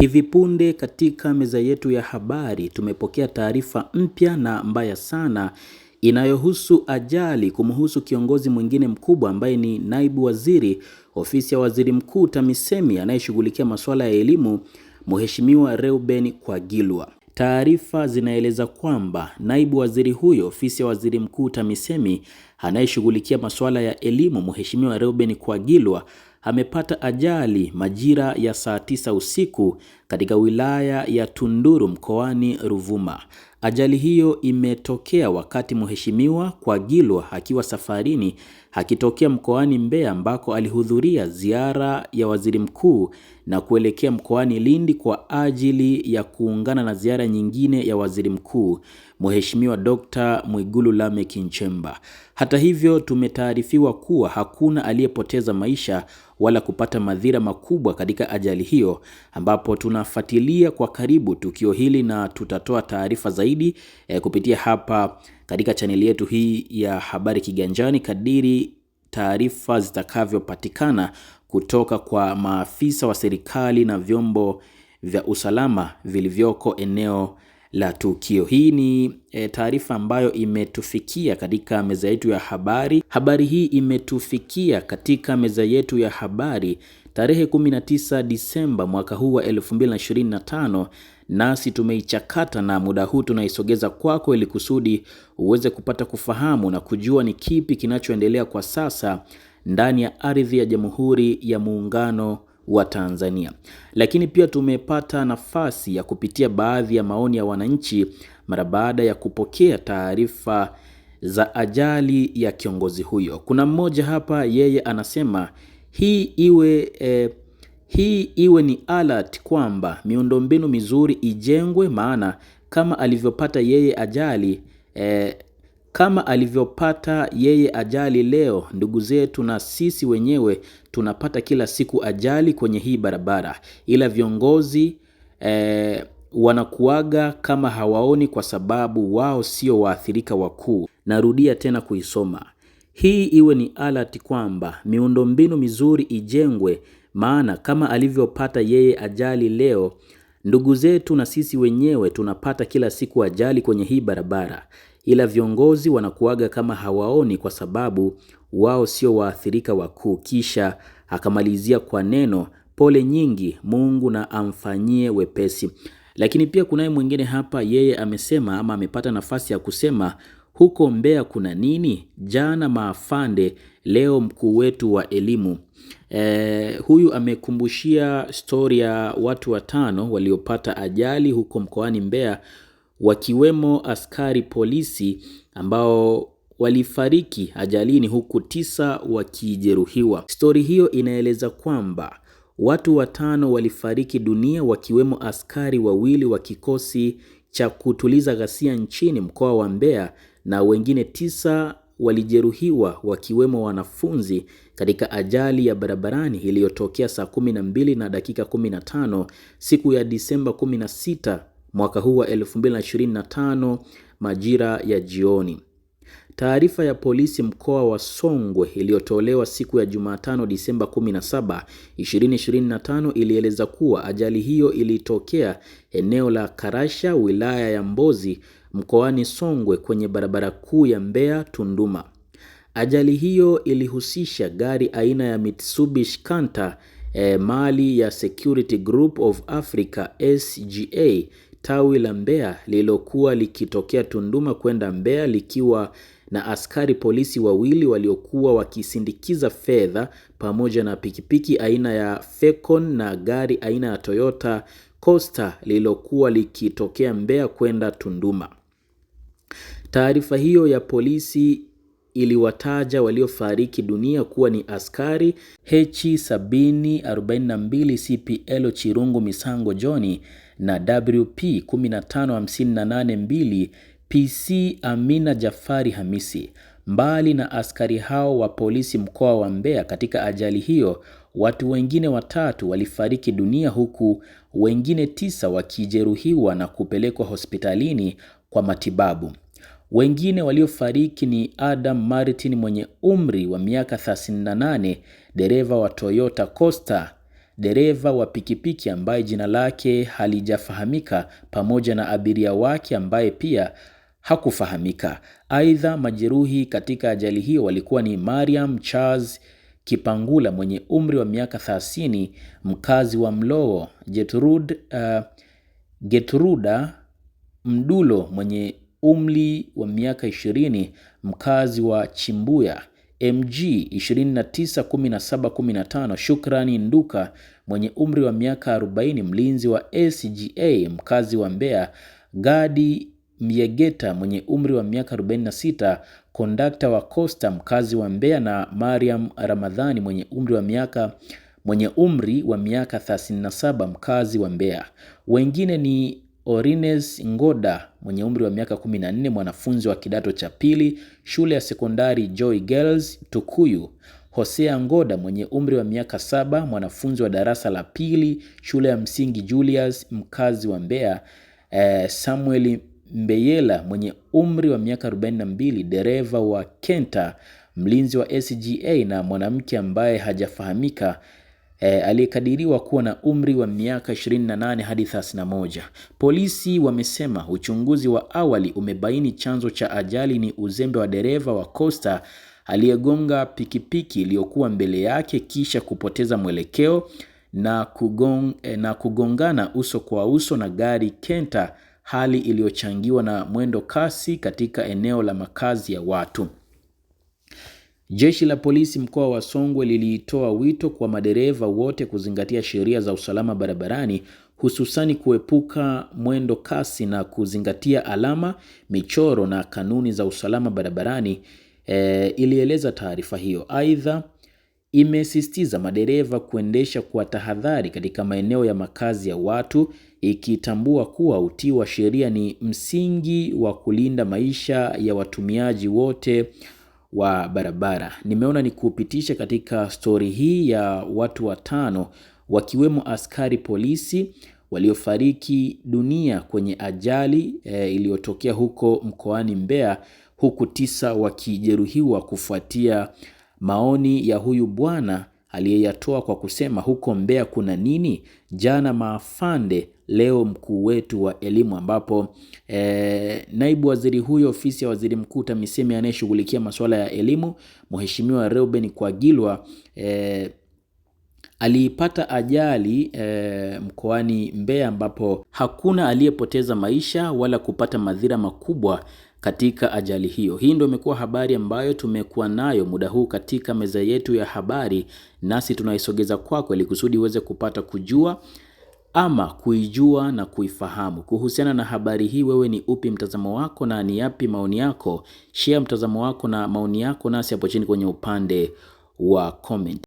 Hivi punde katika meza yetu ya habari tumepokea taarifa mpya na mbaya sana inayohusu ajali kumhusu kiongozi mwingine mkubwa ambaye ni naibu waziri ofisi ya waziri mkuu TAMISEMI anayeshughulikia masuala ya elimu, Mheshimiwa Reuben Kwagilwa. Taarifa zinaeleza kwamba naibu waziri huyo ofisi ya waziri mkuu TAMISEMI anayeshughulikia masuala ya elimu, Mheshimiwa Reuben Kwagilwa amepata ajali majira ya saa tisa usiku katika wilaya ya Tunduru mkoani Ruvuma. Ajali hiyo imetokea wakati Mheshimiwa Kwagilwa akiwa safarini akitokea mkoani Mbeya ambako alihudhuria ziara ya waziri mkuu na kuelekea mkoani Lindi kwa ajili ya kuungana na ziara nyingine ya waziri mkuu Mheshimiwa Dr. Mwigulu Lameck Nchemba. Hata hivyo, tumetaarifiwa kuwa hakuna aliyepoteza maisha wala kupata madhira makubwa katika ajali hiyo, ambapo tunafuatilia kwa karibu tukio hili na tutatoa taarifa zaidi eh, kupitia hapa katika chaneli yetu hii ya Habari Kiganjani kadiri taarifa zitakavyopatikana kutoka kwa maafisa wa serikali na vyombo vya usalama vilivyoko eneo la tukio. Hii ni e, taarifa ambayo imetufikia katika meza yetu ya habari. Habari hii imetufikia katika meza yetu ya habari tarehe 19 Disemba mwaka huu wa 2025, nasi tumeichakata na muda huu tunaisogeza kwako ili kusudi uweze kupata kufahamu na kujua ni kipi kinachoendelea kwa sasa ndani ya ardhi ya Jamhuri ya Muungano wa Tanzania. Lakini pia tumepata nafasi ya kupitia baadhi ya maoni ya wananchi mara baada ya kupokea taarifa za ajali ya kiongozi huyo. Kuna mmoja hapa, yeye anasema hii iwe eh, hii iwe ni alert kwamba miundombinu mizuri ijengwe, maana kama alivyopata yeye ajali eh, kama alivyopata yeye ajali leo, ndugu zetu na sisi wenyewe tunapata kila siku ajali kwenye hii barabara, ila viongozi eh, wanakuaga kama hawaoni kwa sababu wao sio waathirika wakuu. Narudia tena kuisoma hii, iwe ni alati kwamba miundombinu mizuri ijengwe, maana kama alivyopata yeye ajali leo Ndugu zetu na sisi wenyewe tunapata kila siku ajali kwenye hii barabara, ila viongozi wanakuaga kama hawaoni kwa sababu wao sio waathirika wakuu. Kisha akamalizia kwa neno pole nyingi, Mungu na amfanyie wepesi. Lakini pia kunaye mwingine hapa, yeye amesema ama amepata nafasi ya kusema huko Mbeya kuna nini? Jana maafande, leo mkuu wetu wa elimu. E, huyu amekumbushia stori ya watu watano waliopata ajali huko mkoani Mbeya wakiwemo askari polisi ambao walifariki ajalini huku tisa wakijeruhiwa. Stori hiyo inaeleza kwamba watu watano walifariki dunia wakiwemo askari wawili wa kikosi cha kutuliza ghasia nchini mkoa wa Mbeya na wengine tisa walijeruhiwa wakiwemo wanafunzi katika ajali ya barabarani iliyotokea saa kumi na dakika tano siku ya Disemba sita mwaka huu wa tano majira ya jioni. Taarifa ya polisi mkoa wa Songwe iliyotolewa siku ya Jumatano Disemba 17, 2025 ilieleza kuwa ajali hiyo ilitokea eneo la Karasha wilaya ya Mbozi mkoani Songwe kwenye barabara kuu ya Mbeya Tunduma. Ajali hiyo ilihusisha gari aina ya Mitsubishi Canter e, eh, mali ya Security Group of Africa SGA tawi la Mbeya lililokuwa likitokea Tunduma kwenda Mbeya likiwa na askari polisi wawili waliokuwa wakisindikiza fedha pamoja na pikipiki aina ya fecon na gari aina ya Toyota costa lililokuwa likitokea Mbeya kwenda Tunduma. Taarifa hiyo ya polisi iliwataja waliofariki dunia kuwa ni askari H7042 CPL Chirungu Misango Johnny na WP15582 PC Amina Jafari Hamisi. Mbali na askari hao wa polisi mkoa wa Mbeya katika ajali hiyo, watu wengine watatu walifariki dunia huku wengine tisa wakijeruhiwa na kupelekwa hospitalini kwa matibabu. Wengine waliofariki ni Adam Martin mwenye umri wa miaka 38, dereva wa Toyota costa dereva wa pikipiki ambaye jina lake halijafahamika, pamoja na abiria wake ambaye pia hakufahamika. Aidha, majeruhi katika ajali hiyo walikuwa ni Mariam Charles Kipangula mwenye umri wa miaka 30, mkazi wa Mlowo, Getrud, uh, Getruda Mdulo mwenye umri wa miaka 20, mkazi wa Chimbuya, MG 291715 Shukrani Nduka mwenye umri wa miaka 40, mlinzi wa SGA mkazi wa Mbeya, Gadi Myegeta mwenye umri wa miaka 46, kondakta wa Costa mkazi wa Mbeya na Mariam Ramadhani mwenye umri wa miaka mwenye umri wa miaka 37 mkazi wa Mbeya. Wengine ni Orines Ngoda mwenye umri wa miaka 14, mwanafunzi wa kidato cha pili shule ya sekondari Joy Girls Tukuyu. Hosea Ngoda mwenye umri wa miaka saba, mwanafunzi wa darasa la pili shule ya msingi Julius, mkazi wa Mbeya. Eh, Samuel Mbeyela mwenye umri wa miaka 42, dereva wa Kenta, mlinzi wa SGA na mwanamke ambaye hajafahamika e, aliyekadiriwa kuwa na umri wa miaka 28 hadi 31. Polisi wamesema uchunguzi wa awali umebaini chanzo cha ajali ni uzembe wa dereva wa Costa aliyegonga pikipiki iliyokuwa mbele yake kisha kupoteza mwelekeo na, kugong, eh, na kugongana uso kwa uso na gari Kenta, hali iliyochangiwa na mwendo kasi katika eneo la makazi ya watu. Jeshi la polisi mkoa wa Songwe lilitoa wito kwa madereva wote kuzingatia sheria za usalama barabarani hususani kuepuka mwendo kasi na kuzingatia alama, michoro na kanuni za usalama barabarani, e, ilieleza taarifa hiyo. Aidha, imesisitiza madereva kuendesha kwa tahadhari katika maeneo ya makazi ya watu, ikitambua kuwa utii wa sheria ni msingi wa kulinda maisha ya watumiaji wote wa barabara. Nimeona ni kupitisha katika stori hii ya watu watano wakiwemo askari polisi waliofariki dunia kwenye ajali e, iliyotokea huko mkoani Mbeya huku tisa wakijeruhiwa kufuatia maoni ya huyu bwana aliyeyatoa kwa kusema huko Mbeya kuna nini? Jana maafande leo mkuu wetu wa elimu, ambapo e, naibu waziri huyo ofisi ya waziri mkuu TAMISEMI anayeshughulikia masuala ya elimu Mheshimiwa Reuben Kwagilwa e, aliipata ajali e, mkoani Mbeya ambapo hakuna aliyepoteza maisha wala kupata madhira makubwa katika ajali hiyo. Hii ndio imekuwa habari ambayo tumekuwa nayo muda huu katika meza yetu ya habari, nasi tunaisogeza kwako ili kusudi uweze kupata kujua ama kuijua na kuifahamu. Kuhusiana na habari hii, wewe ni upi mtazamo wako na ni yapi maoni yako? Share mtazamo wako na maoni yako nasi hapo chini kwenye upande wa comment.